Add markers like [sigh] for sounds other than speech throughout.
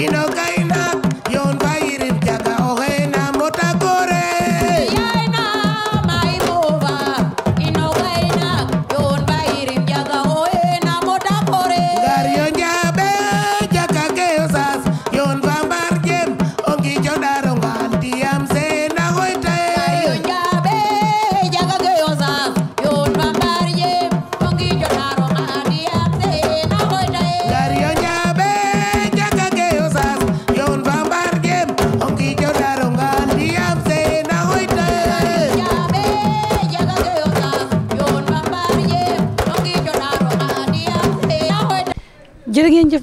y no caí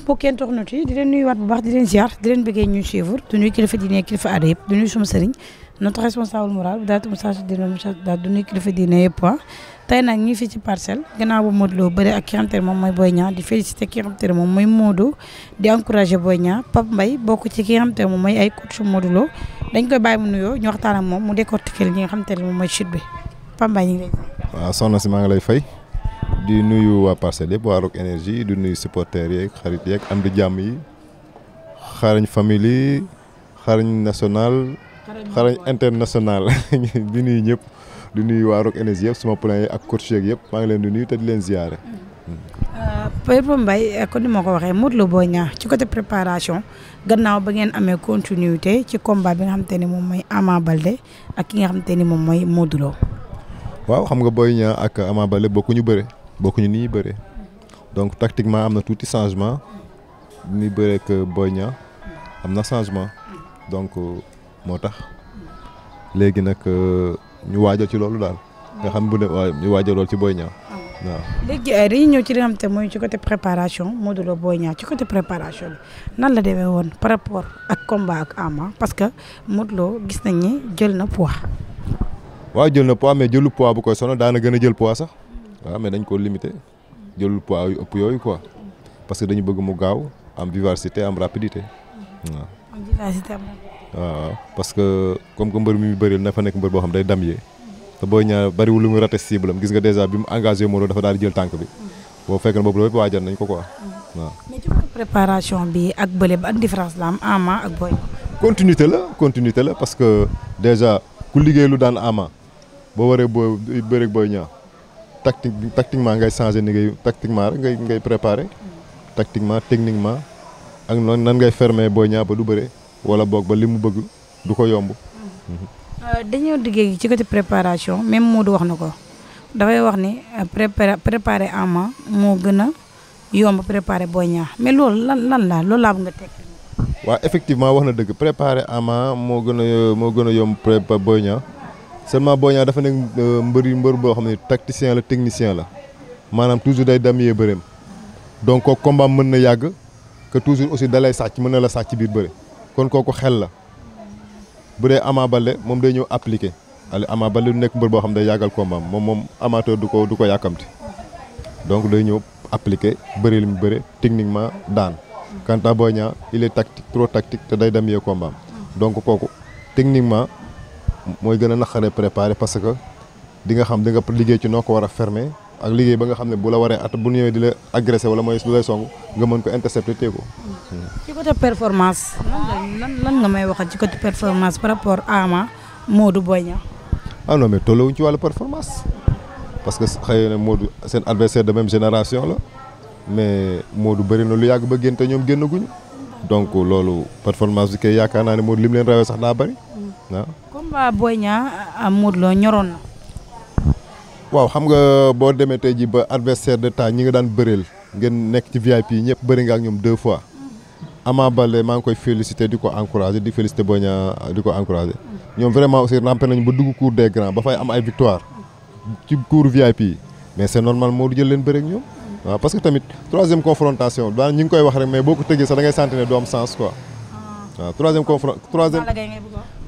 mbokki internet yi di leen nuyuwaat bu baax di leen ziar di leen bëggee ñuy suivre du nuyu kilifa diine kilifa aada yëpp du responsable moral daal di message di leen kilifa diine yëpp ah. tey nag ñi fii ci parcelle gannaaw bu Modou Lo moom mooy Boy Niang di félicité ki nga moom mooy Modou di encouragé Boy Niang Pape Mbaye bokk ci ki nga xamante ne moom mooy ay coach Modou Lo dañ koy bàyyi mu nuyoo ñu moom mu décortiquer li nga xamante ne moom mooy chute bi di nuyu waa parcelle yëpp waa Rock Énergie di nuyu supporters yeeg xarit yeeg am di jàmm yi xarañ famille xarañ national xarañ international [laughs] di nuyu ñëpp di nuyu waa Rock Énergie yëpp suma plan yi ak coach yeeg yëpp maa ngi leen di nuyu te leen ziare. Euh, Pape Mbaye kon euh, ni ma ko waxee Modou Lo Boy Niang ci côté préparation gannaaw ba ngeen amee continuité ci combat bi nga xam te ne moom mooy Ama ak ki nga xam te ni moom mooy Modou waaw xam nga Boy Niang ak Ama Baldé bokkuñu bëre. bokkuñu ni ñuy bëree donc tactiquement am na tuuti changement ni ñuy bëree ak Boy Niang am na changement donc euh, moo tax léegi nag euh, ñu waajal ci loolu daal. nga xam bu ne waaye ñu waajal loolu ci Boy Niang waaw léegi euh, dañuy ñëw ci li nga mooy ci côté préparation Modou Lo Boy Niang ci côté préparation bi nan la demee woon par rapport ak combat ak Ama parce que Modou Lo gis nañ ni jël na poids. waaw jël na poids mais jëlu poids bu koy sonal daana gën a jël poids sax. waaw mais dañ ko limité jëlul poids yu ëpp yooyu quoi parce que dañu bëgg mu gaaw am vivacité am rapidité am vivacité am waaw parce que comme que mbër mi bëri na fa nekk mbër boo xam day dam yee te booy ñaar bariwul lu muy raté cible am gis nga déjà bi mu engagé Modou dafa daal di jël tànk bi boo fekkee na boobu loolu waajal ko quoi mm-hmm. waaw. bi ak bële ba différence la am Ama ak Boy. continuité la continuité la parce que déjà ku liggéey lu daan Ama boo waree booy bëreeg booy Niang tactique bi tactiquement ngay changé ni ngay tactiquement rek ngay ngay préparé tactiquement techniquement ak noonu nan ngay fermer Boy Niang ba du bëre wala boog ba li mu bëgg du ko yomb. Euh, dañoo diggee ci côté préparation même Modou wax na ko dafay wax ni euh, préparé préparé Ama moo gën a yomb préparé Boy Niang mais loolu lan lan la loolu laa bëgg nga teg. waaw effectivement wax na dëgg préparé Ama moo gën a moo gën a yomb préparé Boy seulement Boy Niang dafa nekk euh, mbër yu mbër boo xam ne tacticien la technicien la maanaam toujours day damyee bëreem donc kooku combat mën na yàgg que toujours aussi dalay sàcc mën na la sàcc biir bëre kon kooku xel la bu dee Ama Baldé moom day ñëw appliqué ale Ama Baldé du nekk mbër boo xam day yàggal combat moom moom amateur du ko du ko yàkkamti donc day ñëw appliqué bëri li mu bëre techniquement daan quant à Boy Niang il est tactique trop tactique te day damyee combat donc mooy gën a naqaree préparé parce que di nga xam di nga liggéey ci noo ko war a fermer ak liggéey ba nga xam ne bu la waree at bu ñëwee di la agressé wala mooy lu lay song nga mën ko intercepté teeku. ci côté performance lan lan nga may waxal ci côté performance par rapport Ama Modou Boy Niang. ah non mais tolluwuñ ci wàllu performance parce que xëy moo du seen adversaire de même génération la mais Modou bëri na lu yàgg ba génn te ñoom génnaguñu donc loolu performance bi kay yaakaar naa ne Modou lim leen rawee sax daa bëri waaw. Mm. Ah. combat Boy Niang am Modou ñoroon na. waaw xam nga boo demee tey jii ba adversaire de taille ñi nga daan bëreel ngeen nekk ci VIP ñëpp bëri nga ak ñoom deux fois. Ama Baldé maa ngi koy félicité di ko encouragé di félicité Boy Niang di ko encouragé. ñoom vraiment aussi rampé nañu ba dugg cour des grands ba fay am ay victoire. ci cour VIP yi mais c'est normal Modou jël leen bëri ak ñoom. waaw parce que tamit troisième confrontation daan ñi ngi koy wax rek mais boo ko tëggee sax da ngay sentir ne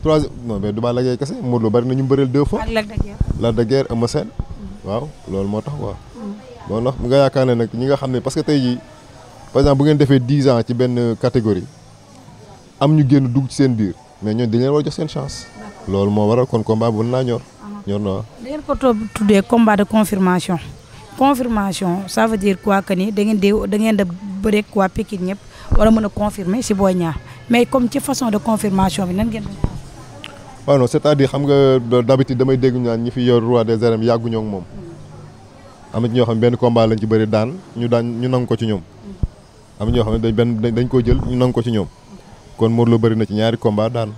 trois non mais du maa lajjee kese Modou Lo bari nañu ñu bëreel deux fois. ak Lac de waaw loolu moo tax quoi. bon ndax nga yaakaar ne nag ñi nga xam ne parce que tey jii par exemple bu ngeen defee dix ans ci benn catégorie am ñu génn dugg ci seen biir mais ñoom dañ leen war a jox seen chance. loolu moo waral kon combat bu naa ñor. ñor na waaw. da ngeen ko tuddee combat de confirmation. confirmation ça veut dire que ni da ngeen di da ngeen da bëreeg waa Pikine ñëpp war a mën a confirmer si Boy Niang mais comme ci façon de confirmation bi nan ngeen. waaw non c'est-à-dire xam nga euh, d'habitude damay dégg ñu naan ñi fi yor roi des arènes yàgguñu moom am na ci ñoo xam ne benn combat lañ ci bëri daan ñu daan ñu nangu ko ci ñoom am ñoo xam ne dañ benn dañ koo jël ñu ko ci ñoom kon Modou Lo bëri na ci ñaari combat daan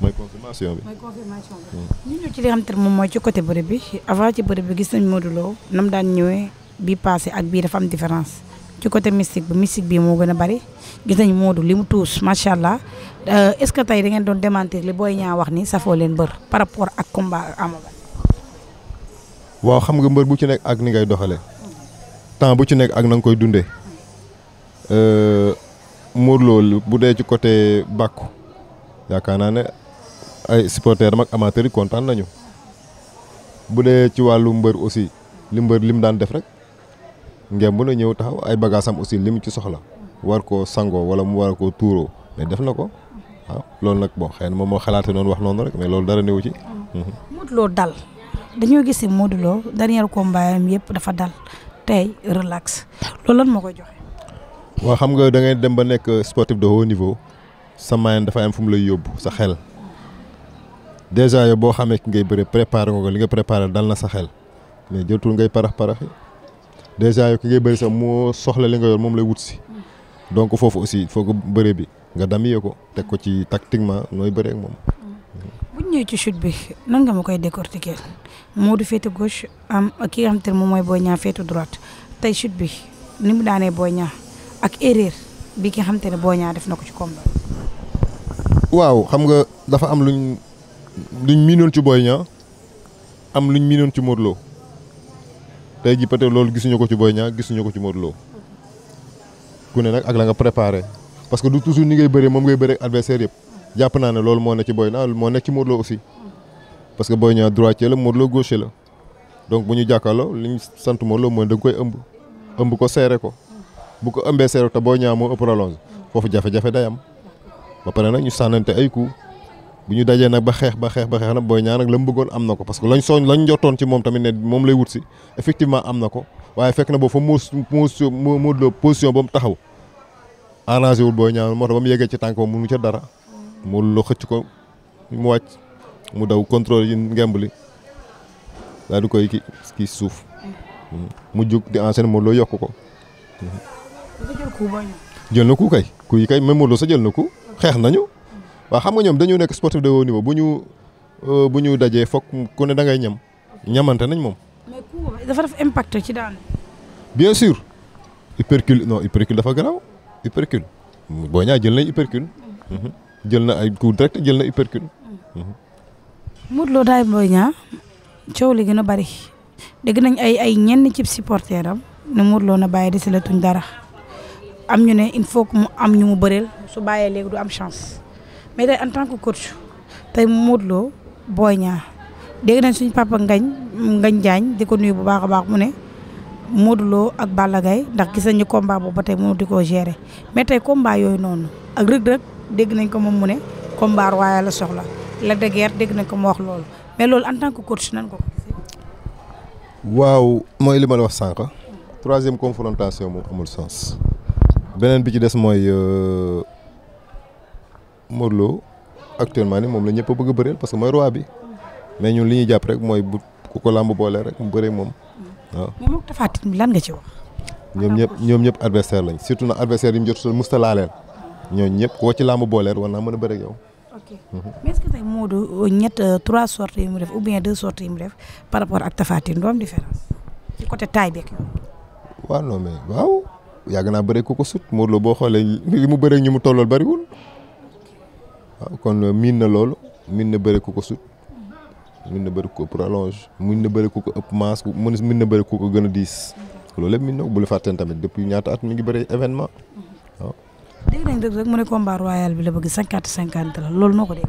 mooy confirmation bi. mooy bi. Hmm. ñu ñëw ci li xam te moom mooy ci côté bëri bi avant ci bëri bi gis nañ Modou Lo nam daan ñëwee bii passé ak bii dafa am différence. ci côté mystique bi mystique bi moo gën a bari gis nañu Modou li mu tuus macha allah euh, est-ce que tey da ngeen doon démentir li booy ñaa wax ni safoo leen mbër par rapport ak combat Ama Baldé waaw xam nga mbër bu ci nekk ak ni ngay doxale temps bu ci nekk ak na nga koy dundee euh, Modou loolu bu dee ci côté bàkku yaakaar naa ne ay supporters am ak kontaan nañu bu dee ci wàllu mbër aussi li mbër lim daan def rek. ngeen mën a ñëw taxaw ay bagaasam aussi li mu ci soxla war koo sangoo wala mu war ko tuuroo mais def na ko waaw loolu nag boo xëy moom moo xalaate noonu wax noonu rek mais loolu dara néew ci. Mhm. Modou Lo dal dañoo gis ne Modou Lo dernier combat am yëpp dafa dal tey relax loolu lan moo koy joxe. waaw xam nga da ngay dem ba nekk sportif de haut niveau sa moyen dafa am fu mu lay yóbbu sa xel déjà yow boo xamee ki ngay bëre préparé nga ko li nga préparé dal na sa xel mais jotul ngay parax paraxi dèjà yow ki ngay bëri sax moo soxla li nga yor moom lay wut si donc foofu aussi foo ko bëre bi nga damiyee ko teg ko ci tactiquement nooy bëree ak moom. bu ñu ci chute bi nan nga ma koy moo di féete gauche am ak xam te ne moom mooy Boy Niang féete droite tey chute bi ni mu daanee Boy Niang ak erreur bi ki xam te ne Boy Niang def na ko ci combat. waaw xam nga dafa am luñ luñ miinoon ci Boy Niang am luñ miinoon ci Modou tey ji peut-être loolu gisuñu ko ci Boy Niang gisuñu ko ci Modou Lo ne nag ak la nga préparé parce que du toujours ni ngay bëri moom ngay bëri ak adversaire yëpp jàpp naa ne loolu moo nekk ci Boy Niang moo nekk ci Modou Lo aussi parce que Boy Niang droitier la Modou Lo gaucher la donc bu ñu jàkkaarloo li ñu sant Modou Lo mooy da nga koy ëmb ëmb ko seere ko bu ko ëmbee seere ko te Boy Niang moo ëpp rallonge foofu jafe-jafe day am pare nag ñu sànnante ay coups bu ñu dajee nag ba xeex ba xeex ba xeex nag booy ñaa nag la mu bëggoon am na ko parce que lañ soñ lañ njottoon ci moom tamit ne moom lay wut si effectivement am na ko waaye fekk na boo fa moo moo de position ba mu taxaw arrangé wul booy ñaa moo tax ba mu yeggee ci tànk moom mënu ca dara mu lo xëcc ko mu wàcc mu daw contrôle yi ngemb li di koy ki kii suuf mu jug di enchaîné moo loo yokk ko jël na ku kay ku sa jël na ku xeex nañu waaw xam nga ñoom dañoo nekk sportif de haut niveau bu ñu euh, bu ñu dajee foog ku ne da ngay ñam ñamante nañ moom. dafa def impact ci daan. bien sûr. hypercule non hypercule dafa garaw hypercule boo ñaa jël na hypercule. Mhm. jël na ay coup direct jël na hypercule. Mhm. Modou Lo daay Boy Niang coow li gën a bari dégg nañ ay ay ñenn ci supporter am ne Modou Lo na bàyyi dese la tuñ dara am ñu ne il faut que mu am ñu mu bëreel su bàyyee léegi du am chance. mais tey en tant que coach tey Modou Lo Boy dégg nañ suñ papa Ngañ Ngañ jaañ di ko nuyu bu baax a baax mu ne Modou Lo ak Balla Gaye ndax gis nañu combat boobu ba tey mënu di ko gérer mais tey combat yooyu noonu ak Reug Reug dégg nañ ko moom mu ne combat royal la soxla la de guerre dégg nañ ko mu wax loolu mais loolu en tant que coach nan ko. waaw mooy li ma la wax sànq. troisième confrontation moom amul sens. beneen bi ci des mooy. Euh, Modou Lo actuellement ni moom la ñëpp a bëgg a bëreel parce que mooy roi mais ñun li ñuy jàpp rek mooy bu ku ko làmb boole rek mu bëree moom waaw. moom ak lan nga ci ñoom ñëpp ñoom ñëpp adversaire lañ surtout nag adversaire yi mu jotutal musta laaleel ñooñu ñëpp koo ci làmb booleel war naa mën a bëre ak yow. ok mhm. mais est-ce euh, euh, yi mu def ou bien deux sortes yi mu def par rapport ak Tapha Tine doo am côté taille waaw yàgg naa bëre ku ko sut Modou boo xoolee li mu bëre ñu mu tollool bariwul. waaw kon euh, miin na loolu miin na bëri ku ko sut mën na bëri ko prolonge mën na bëri ku ko ëpp masse mën na bëri ku ko gën a diis loolu lépp mën na ko bu la fàtteen tamit depuis ñaata mi ngi bëri événement waaw. dégg mu ne combat royal bi la bëgg cinquante cinquante loolu noo ko dégg.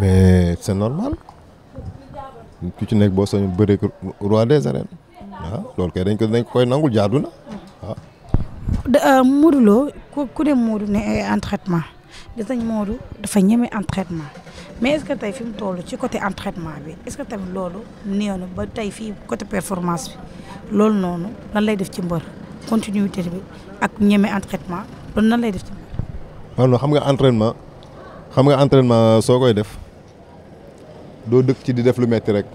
mais c' ci nekk boo sañu bëri roi des arènes waaw loolu koy nangul jaadu na euh, ne euh, en gis nañ Modou dafa ñeme entraînement mais est-ce que tey fi mu toll ci côté entraînement bi est-ce que tamit loolu néew na ba tey fii côté performance loolu noonu lan lay def ci mbër continuité bi ak ñeme entraînement loolu nan lay def ci mbër. waaw xam nga entraînement xam nga entraînement soo koy def doo dëkk ci di def lu metti rek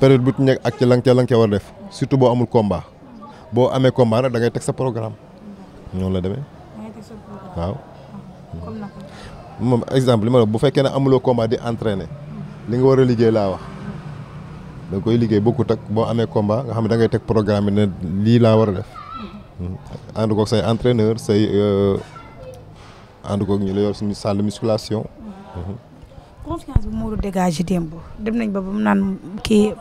période bu nekk ak ci lan ca lan war def surtout boo amul combat boo amee combat nag da ngay teg sa programme. ñoo la demee waaw. moom exemple ma bu fekkee ne amuloo combat di entraîné li nga war a liggéey laa wax da koy liggéey bokkut ak boo amee komba nga xam ne da ngay teg programme ne lii laa war a def hmm. ànd koog say entraîneur say euh, ànd koog ñu la yor suñu salle de hmm. dem nañ ba naan kii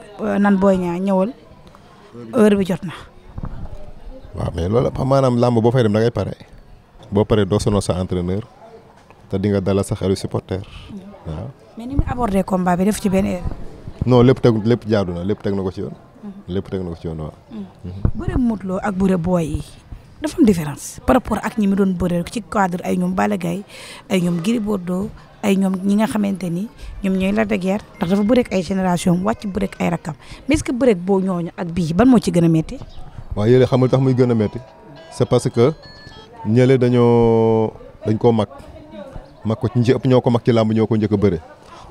ñaa euh, bi jot na. waaw mais loolu maanaam làmb boo fay dem pare boo paree doo sonal sa entraîneur. te di nga dalal sa xelu supporter mm. waaw. mais ni mu abordé combat bi def ci benn erreur. non lépp teg lépp jaadu na lépp teg ko ci yoon. Mm-hmm. lépp teg na ko ci yoon waaw. Mm. Mm-hmm. bëre Modou Lo ak bëre Boy yi dafa différence par rapport ak ñi mu doon bëre ci cadre ay ñoom Balla Gaye ay ñoom Gris Bordeaux ay ñoom ñi nga xamante ni ñoom ñooy la de guerre ndax dafa bëreeg ay génération wàcc bëreeg ay rakkam mais est-ce que bëreeg boo ñooñu ak bii ban moo ci gën a métti. waaw yéen a xamul tax muy gën a métti c'est parce que ñële dañoo dañ koo mag. mag ko ñi ëpp ñoo ko mag ci làmb ñoo ko njëkk a bëre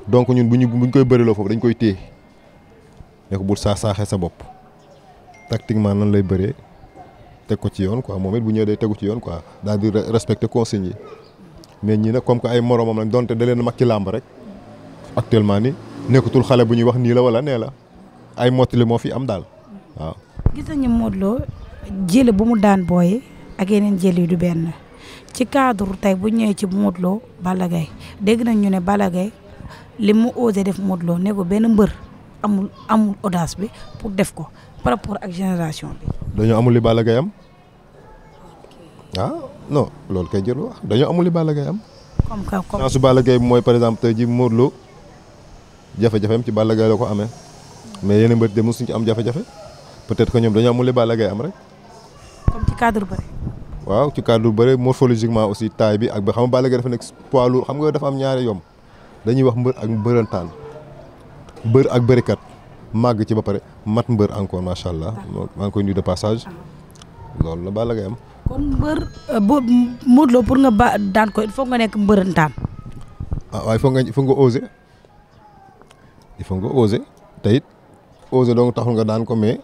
donc ñun bu ñu bu ñu koy bëreloo foofu dañ koy téye ne bu saa saaxee sa bopp tactiquement nan lay bëree teg ko ci yoon quoi moom it bu ñëw day tegu ci yoon quoi daal di respecter consignes yi mais ñii nag comme que ay moromam lañ donte da leen mag ci làmb rek actuellement ni nekkatul xale bu ñuy wax nii la wala nee la ay mottali moo fi am daal waaw. gis nañu Modou Lo jël bu mu daan booyee ak yeneen jël du benn. ci cadre tey bu ñëwee ci Modou Lo Balla Gaye dégg nañ ñu ne Balla Gaye li mu osé def Modou Lo ne ko benn mbër amul amul audace bi pour def ko par rapport ak génération bi. dañoo amul li Balla am ah non loolu kay jël dañoo amul li Balla am. comme que comme chance su Balla mooy par exemple tey ji Modou Lo jafe-jafeem ci Balla Gaye ko ame mais yeneen mbër de mosuñ ci am jafe-jafe peut-être que ñoom dañoo amul li Balla am rek. comme waaw ci cadre bëre morphologiquement aussi taille bi ak ba xam nga Balla Gaye dafa nekk poids lourd xam nga dafa am ñaari yom dañuy wax mbër ak mbërantaan mbër ak bërikat màgg ci ba pare mat mbër encore macha allah. maa ngi koy nuyu de passage. Ah. loolu la Balla Gaye am. kon mbër euh, boo Modou Lo pour nga ba daan ko il faut nga nekk mbërantaan. ah waaye foog nga il faut nga oser il faut nga oser te taxul nga daan ko mais.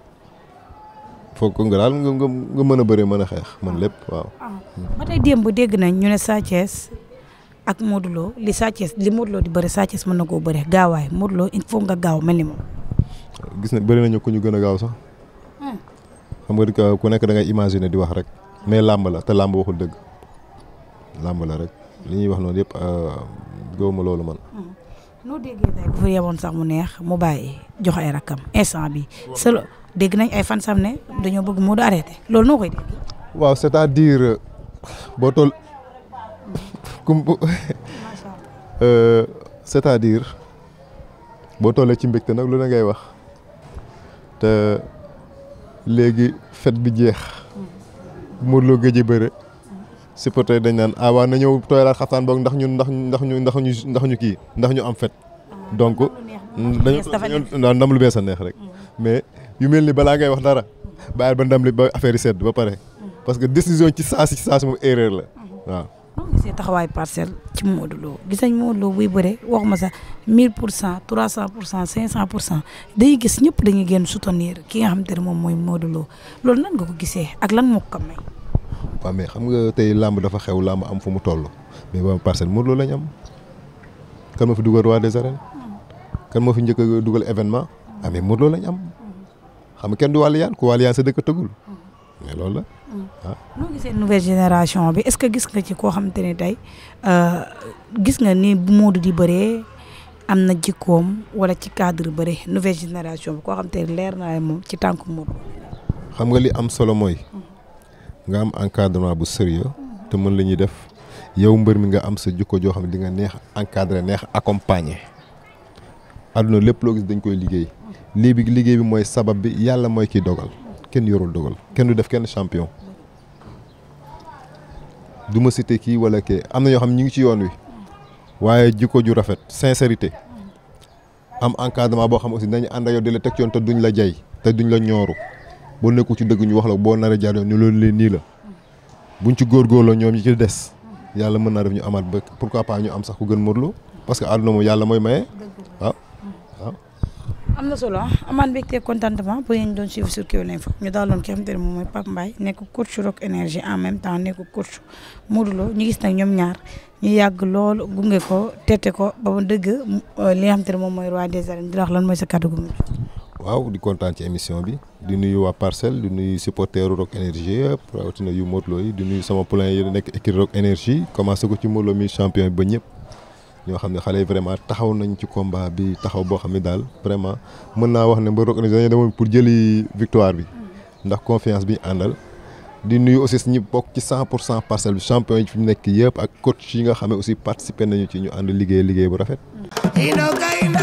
foog nga daal nga nga mën a bëre mën a xeex mën lépp waaw. Ah. Ah. ba tey démb dégg nañ ñu ne Sathiès ak Modou Lo li Sathiès li Modou Lo di bëre Sathiès mën na koo bëre gaawaay Modou il faut nga gaaw mel ni moom. gis na bëri nañu ku ñu gën a gaaw sax. Hmm. xam nga ku nekk da ngay imaginer di wax rek mais làmb te làmb waxul dëgg rek li ñuy wax noonu yëpp euh, gëwuma loolu man. Hmm. noo déggee tey bu fa yemoon sax mu neex mu bàyyi jox rakkam rakam instant bi dégg nañ ay fan sam ne dañoo bëgg moo arrêté loolu noo koy dégg. waaw cest diir boo toll [laughs] kum euh, c'est-à-dire boo tollee ci mbégte nag lu ne ngay wax te léegi fet bi jeex mm-hmm. Modou Lo gëj a bëre supporter dañ naan ah waa na ñëw tooyalaat xaftaan boog ndax ñun ndax ndax ñu ndax ñu ndax ñu kii ndax ñu am fête ah, donc dañu ndam lu bees a neex rek mm-hmm. mais. yu mel ni balaa ngay wax dara bàyyil ba ndam li ba affaire yi sedd ba pare parce que décision ci saa si saa si moom erreur la waaw. noo gisee taxawaayu parcelle ci Modou Lo gis nañ Modou Lo buy bëre waxuma sax 1000 pour cent 300 pour cent pour cent dañuy gis ñëpp dañuy génn soutenir ki nga xam te ne moom mooy Modou Lo loolu nan nga ko gisee ak lan moo ko may. waaw mais xam nga tey làmb dafa xew làmb am fu mu toll mais waa parcelle Modou Lo lañ am kan ma fi dugal roi des arènes kan ma fi njëkk dugal événement ah mais lañ am. xam nga kenn du wàlliyaan ku wàlliyaan sa dëkk tëggul mm. mais loolu la mm. ah. noo gisee nouvelle génération bi est-ce que gis nga ci koo xamante ne tey euh, gis nga ni bu du di bëree am na jikkoom wala ci cadre bëri nouvelle génération bi koo xamante ne leer naa na moom ci tànk Modou. xam nga li am solo mooy. Mm. nga am encadrement bu sérieux te mën la ñuy def yow mbër mi nga am sa jikko joo xam ne di nga neex encadré neex accompagné àdduna lépp loo gis dañ koy liggéey. lii bi liggéey bi mooy sabab bi yàlla mooy kiy dogal kenn yorul dogal kenn du def kenn champion du ma cité kii wala kee am na ñoo xam ñu ngi ci yoon wi waaye jikko ju rafet sincérité am encadrement boo xam aussi nañu ànd ak yow di la teg yoon te duñ la jay te duñ la ñooru boo nekku ci dëgg ñu wax la boo nar a jaar yoon ni loolu leen nii la buñ ci góor góorgóorloo ñoom ñi ci des yàlla mën naa def ñu amaat ba pourquoi pas ñu am sax ku gën Modou Lo parce yàlla mooy maye waaw am na solo amaan mbégte contentement bu ngeen doon suivre sur Kewel Info ñu daaloon ki moom mooy Pape Mbaye nekk coach Rock Énergie en même nekk coach Modou Lo ñu gis nag ñoom ñaar ñu yàgg lool gunge ko tete ko ba mu dëgg euh, li nga moom mooy roi des arènes di wax lan waaw di kontaan ci émission bi di nuyu waa parcelle di nuyu supporteru Rock Énergie yëpp rawatina yu Modou Lo di nuyu sama poulain yi nekk équipe Rock Énergie commencé ko ci Modou Lo champion bi ba ñëpp. ñoo xam ne xale yi vraiment taxaw nañu ci combat bi taxaw boo xam ne daal vraiment mën naa wax ne ba organisé dañoo demoon pour jëli victoire bi ndax confiance bi ñu àndal di nuyu aussi ñi bokk ci cent pour cent parcelle bi champion yi fi nekk yëpp ak coach yi nga xam ne aussi participé nañu ci ñu ànd liggéey liggéey bu rafet.